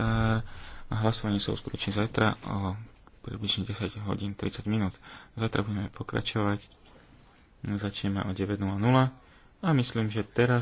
E, hlasovanie sa uskutoční zajtra o približne 10 hodín 30 minút. Zajtra budeme pokračovať. Začneme o 9.00 a myslím, že teraz